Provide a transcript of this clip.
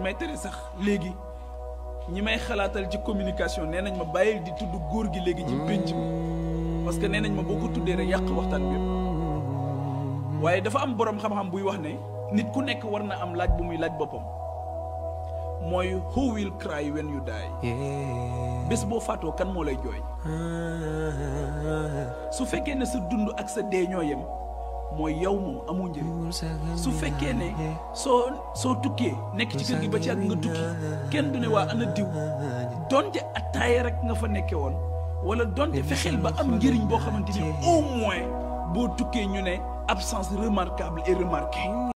may tere sax léegi ñi may xalaatal ci communication nee nañ ma bàyyil di tudd góor gi léegi ci pénc mi parce que nee nañ ma boo ko tuddee rek yàq waxtaan bi waaye dafa am boroom xam-xam buy wax ne nit ku nekk war na am laaj bu muy laaj boppam mooy who will cry yu you bés boo faatoo kan moo lay jooy su fekkee ne sa dund ak sa dee ñoo yem mooy yow moom amoo njëriñ su fekkee ne soo soo tukkee nekk ci kër gi ba ci ak nga tukki kenn du ne waa ana diw donte attaaya rek nga fa nekke woon wala donte fexeel ba am njëriñ boo xamante ni au moins boo tukkee ñu ne absence remarquable et remarquée